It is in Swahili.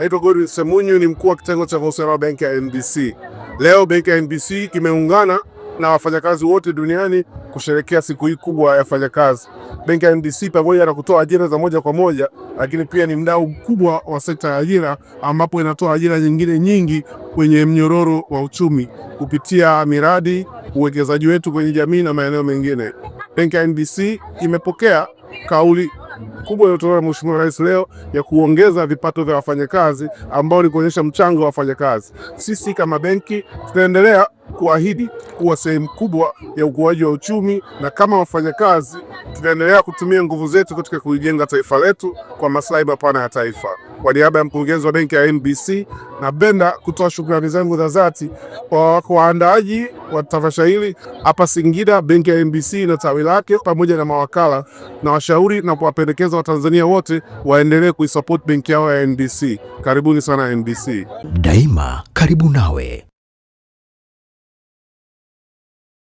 Naitwa Godwin Semunyu, ni mkuu wa kitengo cha mawasiliano benki ya NBC. Leo benki ya NBC kimeungana na wafanyakazi wote duniani kusherekea siku hii kubwa ya wafanyakazi. Benki ya NBC pamoja na kutoa ajira za moja kwa moja, lakini pia ni mdau mkubwa wa sekta ya ajira, ambapo inatoa ajira nyingine nyingi kwenye mnyororo wa uchumi kupitia miradi, uwekezaji wetu kwenye jamii na maeneo mengine. Benki ya NBC imepokea kauli kubwa iliyotolewa Mheshimiwa Rais leo ya kuongeza vipato vya wafanyakazi ambao ni kuonyesha mchango wa wafanyakazi. Sisi kama benki tunaendelea kuahidi kuwa sehemu kubwa ya ukuaji wa uchumi, na kama wafanyakazi tunaendelea kutumia nguvu zetu katika kuijenga taifa letu kwa maslahi mapana ya taifa. Kwa niaba ya mkurugenzi wa benki ya NBC, napenda kutoa shukrani zangu za dhati kwa waandaaji wa tamasha hili hapa Singida, benki ya NBC na tawi lake pamoja na mawakala na washauri, na kuwapendekeza Watanzania wote waendelee kuisupport benki yao ya NBC. Karibuni sana NBC. Daima karibu nawe.